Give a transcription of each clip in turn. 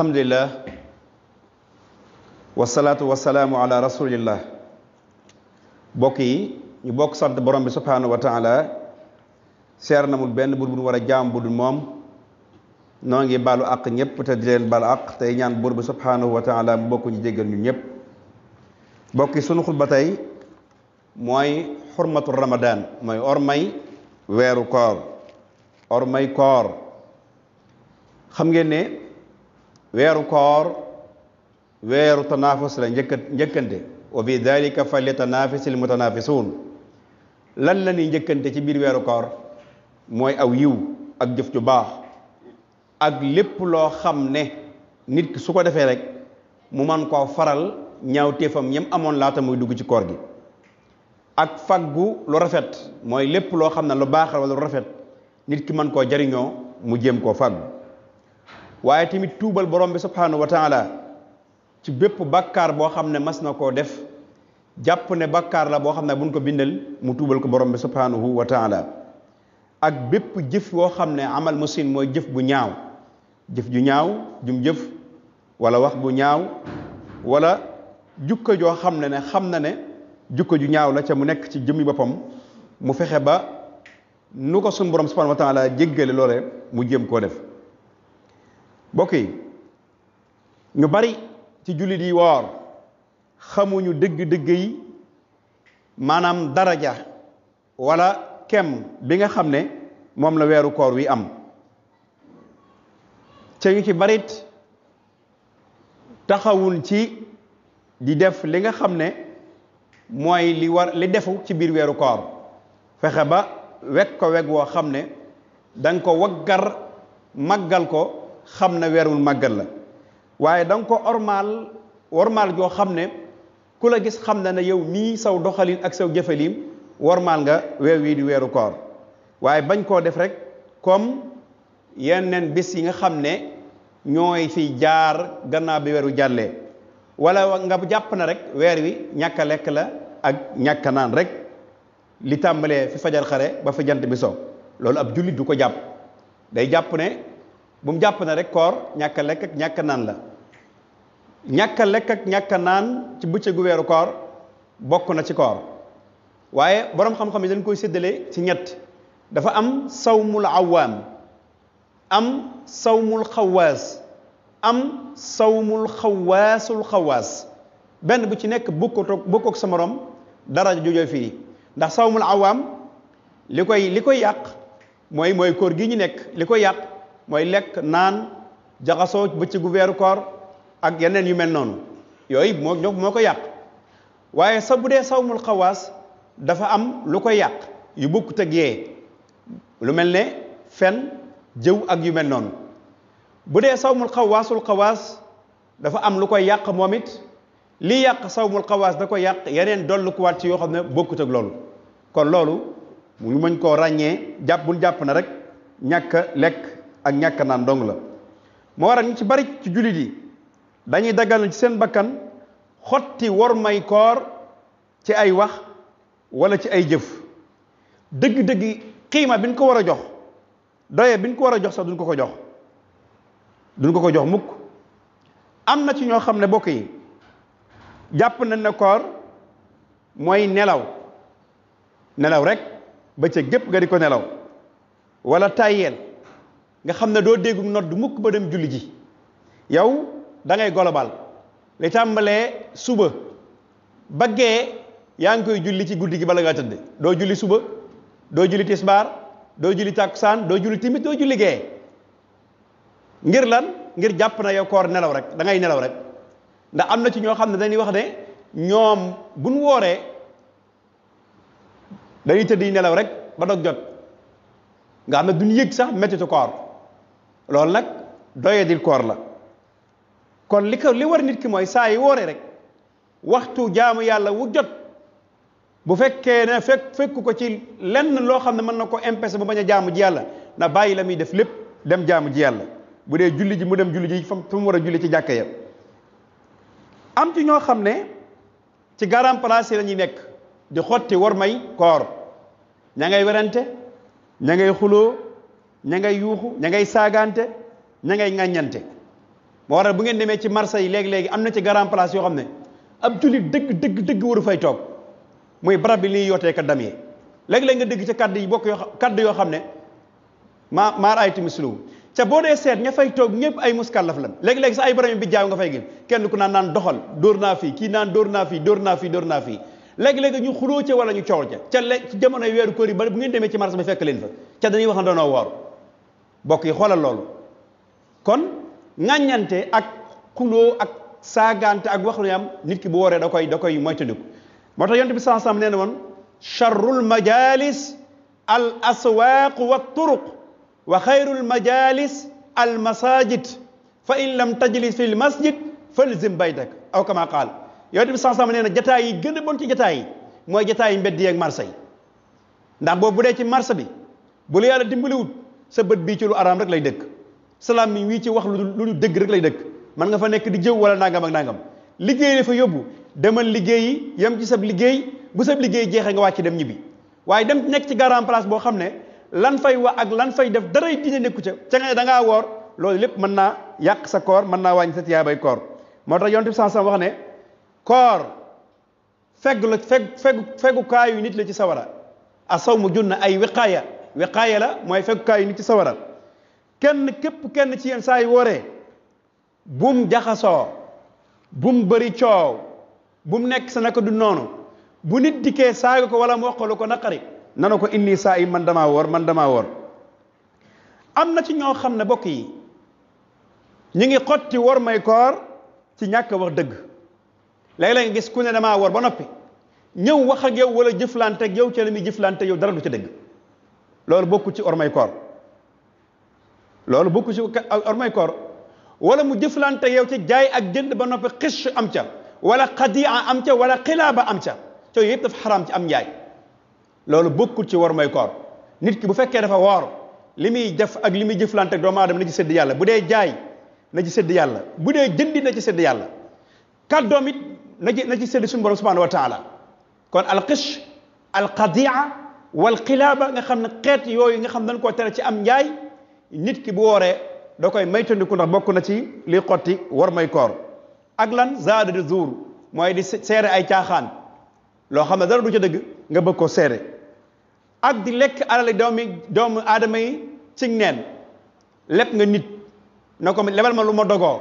alhamdulilah wasalaatu wasalaamu ala rasulillah bokk yi ñu bokk sant borom bi subhaanahu wa taala seer namul benn buur bu war a jaam bu dul moom noo ngi baalu àq ñëpp te di baalu àq tey ñaan buur bi subhaanahu wa taala mu bokk ñu jéggal ñu ñëpp bokk yi sunu xutba tey mooy xurmatu ramadaan mooy ormay weeru koor ormay koor xam ngeen ne weeru koor weeru tanaafus la njëkka njëkkante wa bi dalika fali tanaafisil mutanaafisun lan la ñuy njëkkante ci biir weeru koor mooy aw yiw ak jëf ju baax ak lépp loo xam ne nit ki su ko defee rek mu man koo faral ñaaw téefam yam amoon laata muy dugg ci koor gi ak faggu lu rafet mooy lépp loo xam ne lu baax wala lu rafet nit ki man koo jariñoo mu jéem koo faggu waaye tamit tuubal borom bi subhaanahu wa taala ci bépp bakkaar boo xam ne mas na koo def jàpp ne bakkaar la boo xam ne buñ ko bindel mu tuubal ko borom bi subhaanahu wa taala ak bépp jëf boo xam ne amal musin mooy jëf bu ñaaw jëf ju ñaaw jum jëf wala wax bu ñaaw wala jukka joo xam ne ne xam na ne jukko ju ñaaw la ca mu nekk ci jëmmi boppam mu fexe ba nu ko sun borom subhaanahu wa taala jéggale loole mu jëm koo def bokk yi ñu bari ci jullit yi woor xamuñu dëgg-dëgg yi maanaam daraja wala kem bi nga xam ne moom la weeru koor wi am te ñu ci barit taxawul ci di def li nga xam ne mooy li defu ci biir weeru koor fexe ba weg ko woo xam ne danga ko waggar màggal ko xam na weerul màggal la waaye da nga ko ormaal wormaal joo xam ne ku la gis xam na ne yow nii saw doxalin ak saw jëfalin wormaal nga weer wi di weeru koor waaye bañ koo def rek comme yeneen bis yi nga xam ne ñooy fi jaar gannaaw bi weeru jàllee wala nga jàpp na rek weer wi ñàkk lekk la ak ñàkk naan rek li tàmbalee fi fajar xare ba fi bi so loolu ab jullit du ko jàpp day jàpp ne bu mu jàpp na rek koor ñàkk a lekk ñàkk a naan la ñàkk a lekk ñàkk a naan ci bëccëgu weeru koor bokk na ci koor waaye boroom xam-xam yi dañ koy séddale ci ñett dafa am sawmul awaam am sawmul xawaas am sawmul xawaasul xawaas benn bu ci nekk bokkutoo bokkut sa moroom dara jojoo fii ndax sawmul awaam li koy li koy yàq mooy mooy koor gi ñu nekk li koy yàq mooy lekk naan jaxasoo bëccëgu weeru koor ak yeneen yu mel noonu yooyu moo ñoo moo ko yàq waaye sax bu dee sawmul xawaas dafa am lu ko yàq yu bokkut ak lu mel ne fen jëw ak yu mel noonu bu dee sawmul xawaasul xawaas dafa am lu koy yàq moom it li yàq sawmul xawaas da koy yàq yeneen dollu ko waat ci yoo xam ne bokkut ak loolu kon loolu mu mën koo ràññee jàpp jàpp na rek ñàkk lekk ak ñàkk naan dong la moo waral ñu ci bari ci jullit yi dañuy daggal ci seen bakkan xotti war may koor ci ay wax wala ci ay jëf dëgg-dëgg kiima bi ko war a jox doye bi ko war a jox sax duñ ko ko jox dun ko ko jox mukk am na ci ñoo xam ne bokk yi jàpp nañ ne koor mooy nelaw nelaw rek ba ca gépp nga di ko nelaw wala tàyyeel nga xam ne doo déggu nodd mukk ba dem julli ji yow dangay ngay golobal li tàmbalee suba baggee yaa ngi koy julli ci guddi gi bala ngaa tëdd doo julli suba doo julli tisbaar doo julli saan doo julli timit doo julli gee ngir lan ngir jàpp na yow koor nelaw rek dangay nelaw rek ndax am na ci ñoo xam ne dañuy wax ne ñoom buñ wooree dañuy tëdd yi nelaw rek ba dog jot nga xam ne duñ yëg sax mettitu koor loolu nag doyadil koor la kon li ko li war nit ki mooy saa yi woore rek waxtu jaamu yàlla wu jot bu fekkee ne fekk fekku ko ci lenn loo xam ne mën na ko empêcher mu bañ a jaamu ji yàlla na bàyyi la muy def lépp dem jaamu ji yàlla bu dee julli ji mu dem julli ji fa mu war a julli ci jàkka ya am ci ñoo xam ne ci garam place yi la ñuy nekk di xotti war may koor ña werante ña ngay ña ngay yuuxu ña ngay saagaante ña ngay ŋàññante moo waral bu ngeen demee ci marché yi léegi-léegi am na ci grand place yoo xam ne ab jullit dëgg dëgg dëgg waru fay toog muy barab bi liy yootee ka dam yi léegi-léegi ca kàddu yi bokk yoo kàddu yoo xam ne maa maar ay timis lu ca boo dee seet ña fay toog ñëpp ay muskàllaf lan léegi-léegi sax bi jaaw nga fay kenn ku naan naan doxal dóor naa fii kii naan dóor naa fii dóor naa fii dóor naa fii léegi-léegi ñu xuloo ca wala ñu coow ca ca le ci jamonoy weeru koor yi ba bu ngeen demee ci marché bi fekk leen fa ca dañuy wax na doonoo woor bokk yi xoolal loolu kon ŋàññante ak xuloo ak saagante ak wax lu yam nit ki bu waree da koy da koy moytandiku moo tax yonent bi sallallahu alayhi nee na woon charrul majalis al aswaaq wa turuq wa xayrul majalis al fa in lam tajlis fil masjid falzim aw kama qaal yonent bi sallallahu nee na jataay yi ci jataay yi mooy jataay yi mbedd yeeg marché yi ndax boobu dee ci marché bi bu la yàlla dimbaliwut sa bët bii ci lu araam rek lay dëkk sa làmmiñ wii ci wax lu ñu dëgg rek lay dëkk man nga fa nekk di jëw wala nangam ak nangam liggéey dafa yóbbu demal liggéeyi yam ci sab liggéey bu sab liggéey jeexee nga wàcc dem ñibbi waaye dem nekk ci grand place boo xam ne lan fay wax ak lan fay def daray dina nekku ca ca nga ne da ngaa woor loolu lépp mën naa yàq sa koor mën naa wàññi sa tiyaabay koor moo tax yonent bi sansam wax ne koor feg la fegg feggu feggukaayu nit la ci sawara asaw mu junna ay wiqaaya wiqaaya la mooy fekkukaayu nit ci sawaral kenn képp kenn ci yéen saa yi wooree bum jaxasoo bum bari coow bum nekk sa naka du noonu bu nit dikkee saaga ko wala mu wax ko naqari nana ko indi saa yi man damaa wor man damaa woor am na ci ñoo xam ne bokk yi ñu ngi xotti wor may koor ci ñàkk wax dëgg léeg-léeg gis ku ne damaa woor ba noppi ñëw wax ak yow wala jëflante ak yow la muy jëflante yow dara du ca dëgg loolu bokku ci ormay loolu bokku ci ormay koor wala mu jëflante yow ci jaay ak jënd ba noppi xis am ca wala xadia am ca wala xilaaba am ca te yëpp dafa xaraam ci am njaay loolu bokkul ci war koor nit ki bu fekkee dafa woor li muy def ak li muy jëflante ak doomu aadama na ci sedd yàlla bu dee jaay na ci sedd yàlla bu dee jëndi na ci sedd yàlla kàddoom it na ci na ci sedd suñu borom subhanahu wa taala kon alxish alqadia wal xilaaba nga xam ne xeet yooyu nga xam dañ koo tere ci am njaay nit ki bu wooree da koy maytandiku ndax bokk na ci li xotti war may koor ak lan zaada de zuur mooy di seere ay caaxaan loo xam ne dara du ca dëgg nga bëgg koo seere ak di lekk alali doomi doomu aadama yi ci neen leb nga nit na ko lebal ma lu ma dogoo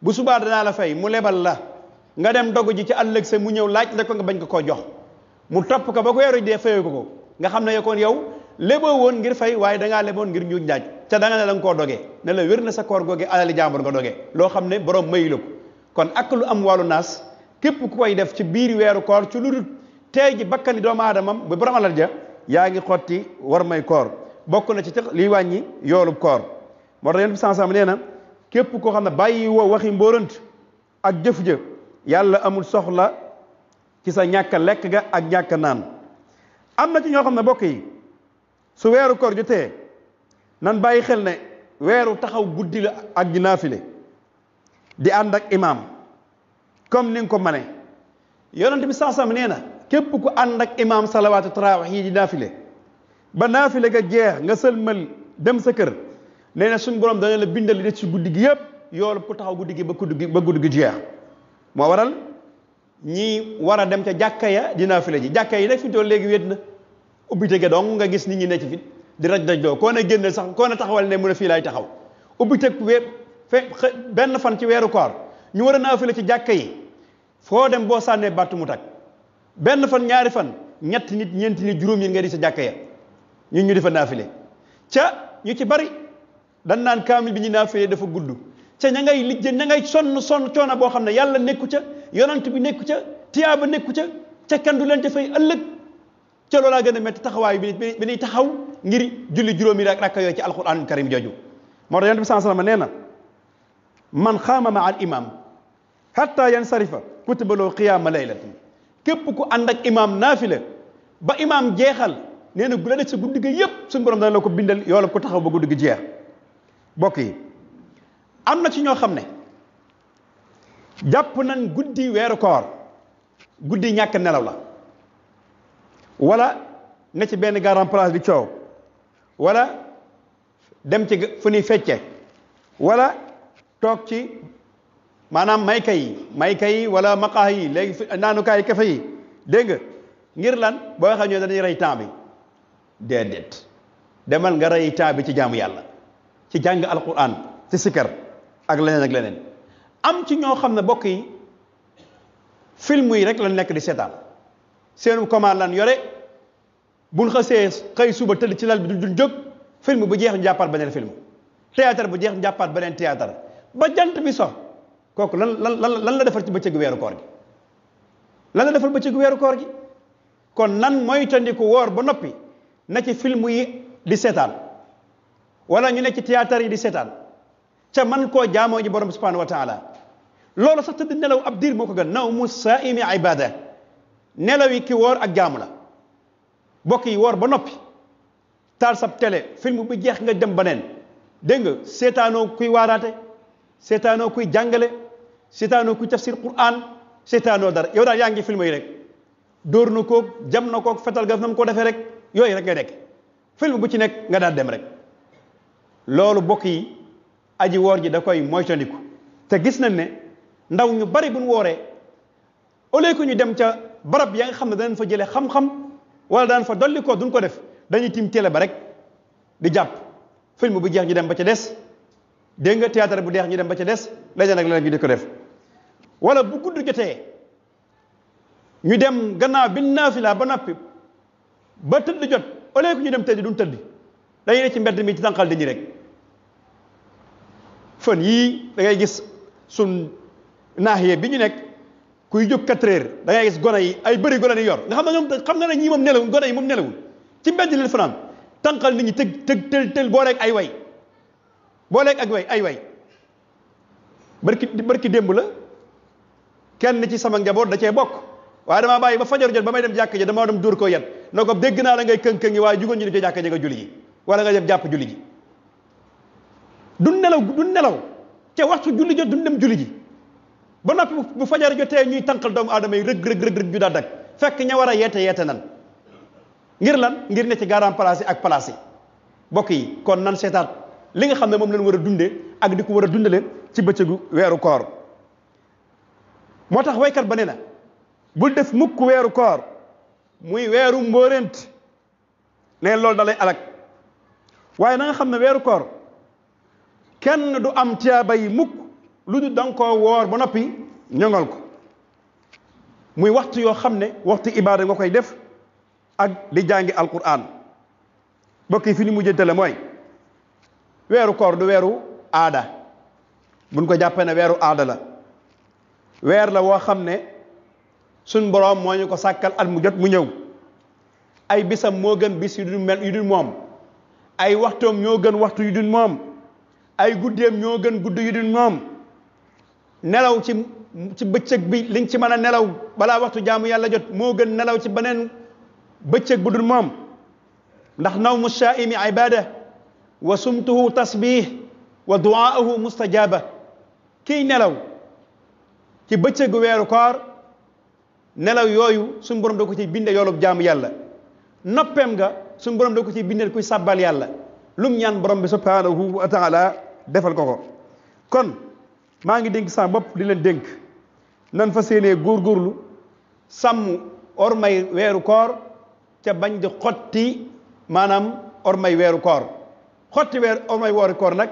bu subaa danaa la fay mu lebal la nga dem dogu ji ci àllëg sa mu ñëw laaj la ko nga bañ ko koo jox mu topp ko ba ko weeru dee fayoo ko ko nga xam ne kon yow léboo woon ngir fay waaye dangaa leboon ngir ñu njaaj ca da ne la nga koo dogee ne la wér na sa koor googee alali jàmbur nga doge loo xam ne borom mayu la ko kon ak lu am wàllu naas képp ku koy def ci biir weeru koor ci lu dul tey ji bakkani doomu aadamam bu borom alal ja yaa ngi xotti war may koor bokk na ci ca liy wàññi yoolub koor moo tax yonent bi sansam nee na képp koo xam ne bàyyi woo waxi mbóorant ak jëf ja yàlla amul soxla ci sa ñàkk lekk ga ak ñàkk am na ci ñoo xam ne bokk yi su weeru koor jotee nan bàyyi xel ne weeru taxaw guddi la ak di naafile di ànd ak imaam comme ni nga ko mane yonent bi saasam nee na képp ku ànd ak imaam salawaatu tarawih yi di naafile ba naafile ga jeex nga sëlmal dem sa kër nee na suñ borom dana la bindal li des ci guddi gi yëpp yoolu ku taxaw guddi gi ba guddi gi ba guddi gi jeex moo waral ñi war a dem ca jàkka ya di fi la ji jàkka yi nag fi mu toll léegi wéet na ubbi tege dong nga gis nit ñi ne ci fit di raj daj doo koo ne génne sax koo ne taxawal ne mun a fii laay taxaw ubbi teg wépp benn fan ci weeru koor ñu war a naa fi ci jàkka yi foo dem boo sànnee battu mu tag benn fan ñaari fan ñetti nit ñeenti nit juróom nga sa jàkka ya ñun ñu defa naafile ca ñu ci bari dan naan kaamil bi ñu naafile dafa gudd ca ña ngay lijjë ña ngay sonn sonn coono boo xam ne yàlla nekku ca yonent bi nekku ca tiyaaba nekku ca ca kenn du leen ca fay ëllëg ca loolaa gën a métti taxawaay bi bi niy taxaw ngir julli juróomi rakka yooyu ci alquranul karim jooju moo tax yonent bi sallallahu alayhi wasallam nee na man xaama ma al imam hatta yansarifa kutiba loo qiyaama laylatin képp ku ànd ak imam naafila ba imam jeexal nee na gu la def sa guddi ga yëpp suñu borom dana la ko bindal yoolab ko taxaw ba guddi gi jeex bokk yi am na ci ñoo xam ne jàpp nañ guddi weeru koor guddi ñàkk nelaw la wala ne ci benn garan place di coow wala dem ci fu ñuy fecce walla toog ci maanaam mayka yi mayka yi wala maqaax yi léegi naanukaay yi kefe yi dégg ngir lan boo xam ñoo dañuy rey temps bi déedéet demal nga rey temps bi ci jaamu yàlla ci jàng alquran ci sikkar ak leneen ak leneen am ci ñoo xam ne bokk yi film yi rek lañ nekk di seetaan seenu commande lan yore buñ xësee xëy suba tëdd ci lal bi jul jóg film bu jeex ñu jàppaat beneen film théâtre bu jeex ñu jàppaat beneen théâtre ba jant bi so kooku lan lan lan la defal ci bëccëgu weeru koor gi lan la defar bëccëgu weeru koor gi kon nan moytandiku woor ba noppi na ci film yi di seetaan wala ñu nekk ci théâtre yi di seetaan ca man koo jaamoo ji borom subhanahu wa taala loolu sax tëdd nelaw ab diir moo ko naw saa nawmu saimi ibada nelaw yi ki woor ak jaamu la bokk yi woor ba noppi taal sab tele film bi jeex nga dem beneen dégg nga seetaanoo kuy waaraate seetaanoo kuy jàngale seetaanoo kuy tafsir quran seetaanoo dara yow daal yaa ngi film yi rek dóor na koog jam na koog fetal ga nam ko defee rek yooyu rek nga nekk film bu ci nekk nga daal dem rek loolu bokk yi aji woor ji da koy moytandiku te gis nañ ne ndaw ñu bari buñ wooree au lieu que ñu dem ca barab ya nga xam ne danañ fa jëlee xam-xam wala daan fa dolli ko duñ ko def dañuy tiim télé ba rek di jàpp film bu jeex ñu dem ba ca des dégg nga théâtre bu deex ñu dem ba ca des leneen ak leneen ñu di ko def wala bu gudd jotee ñu dem gannaaw bi naafila ba noppi ba tëdd jot au lieu que ñu dem tëdd duñ tëdd dañuy ne ci mbedd mi ci tànqal dañuy rek fan yii da gis sun yee bi ñu nekk kuy jóg quatre heures da gone yi ay bëri gone yi yor nga xam ne ñoom xam nga ne ñii moom nelawul gone yi moom nelawul ci mbedd leen fanaan tànqal nit ñi tëg tëg tël tël boo leeg ay way boo leeg ak way ay way barki barki démb la kenn ci sama njaboot da cee bokk waaye damaa bàyyi ba fajar jot ba may dem jàkk ji damaa dem dóor ko yan na ko dégg naa la ngay këng-këng yi waaye jugoon ñu dem jàkk ji nga julli ji wala nga dem jàpp julli ji du nelaw du nelaw ca waxtu julli jot du dem julli ji ba noppi bu fajar jotee ñuy tànqal doomu adama yi rëg rëg rëg ju daa dag fekk ña war a yeete yeete nan ngir lan ngir ne ci garan place ak place yi bokk yi kon nan seetaat li nga xam ne moom leen war a dundee ak di ko war a leen ci bëccëgu weeru koor moo tax waykat ba ne na bul def mukk weeru koor muy weeru mboorent ne loolu dalay alak waaye na xam ne weeru koor kenn du am tiyaaba yi mukk lu du da koo woor ba noppi ñoŋal ko muy waxtu yoo xam ne waxtu ibaada nga koy def ak di jàngi alquran bokk yi fi ñu mujjantale mooy weeru koor du weeru aada buñ ko jàppee ne weeru aada la weer la woo xam ne suñ boroom moo ko sàkkal at mu jot mu ñëw ay bisam moo gën bis yu dul mel yu dul moom ay waxtoom ñoo gën waxtu yu dul moom ay guddeem ñoo gën gudd yu dul moom nelaw ci ci bëccëg bi liñ ci mën a nelaw balaa waxtu jaamu yàlla jot moo gën nelaw ci beneen bëccëg bu dul moom ndax nawmu shaaimi ibada wa sumtuhu tasbih wa duaahu mustajaba kiy nelaw ci bëccëgu weeru koor nelaw yooyu suñu borom da ko ci binde yoolub jaamu yàlla noppem nga suñu borom da ko ci bindeel kuy sàbbal yàlla lum ñaan borom bi subhanahu wa taala defal ko ko kon maa ngi dénk sama bopp di leen dénk nan fa góor góorlu sàmm ormay weeru koor ca bañ di xotti maanaam ormay weeru koor xotti weer ormay weeru koor nag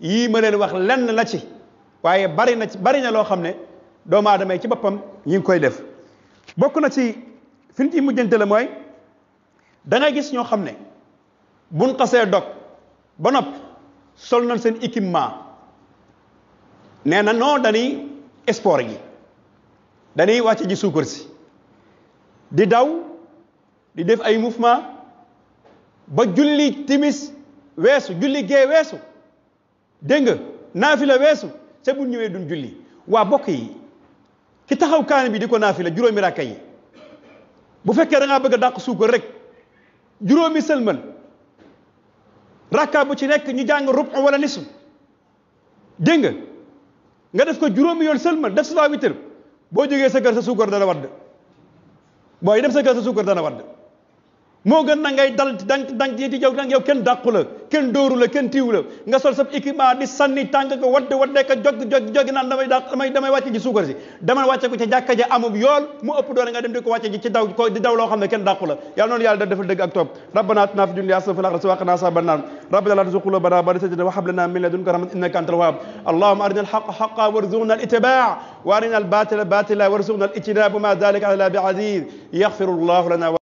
yii ma leen wax lenn la ci waaye bari na ci bari loo xam ne doomu aadama yi ci boppam yi ngi koy def bokk na ci fi ci mujjante la mooy da ngay gis ñoo xam ne buñ xasee dog ba nopp sol nañ seen équipement nee na non dañuy sport gi dañuy wàcc ji suukar si di daw di def ay mouvement ba julli timis weesu julli gee weesu dégg nga naafila weesu ca bu ñëwee duñ julli waa bokk yi ki taxaw kaani bi di ko naafila juróomi rakka yi bu fekkee da bëgg a dàq suukar rek juróomi sëlmal rakka bu ci nekk ñu jàng rub wala nisu dégg nga nga def ko juróomi yoon sëlmal def su laa witr boo jógee sa kër sa suukar dana wadd booy def sa kër sa suukar dana wadd moo gën na ngay dal dang dang di yow dang yow kenn dàqu la kenn dóoru la kenn tiiwu la nga sol sa équipement di sànni tànk ko wadd waddee ko jog jog jogi naan damay dàq damay damay wàcce ji suukar si demal wàcce ko ca jàkka ja amub yool mu ëpp doole nga dem di ko wàcce ji ci daw ko di daw loo xam ne kenn dàqu la yàlla noonu yàlla da defal dëgg ak topp rabbana atina fi dunya hasanatan wa fil akhirati hasanatan wa qina azaban nar rabbana la tuzigh qulubana ba'da idh hadaytana wa hab lana min ladunka rahmatan innaka antal wahhab allahumma arina al-haqqa haqqan warzuqna al-ittiba'a wa arina al-batila batila warzuqna al-ijtinab wa ma dhalika 'ala Allah bi 'aziz yaghfiru Allahu lana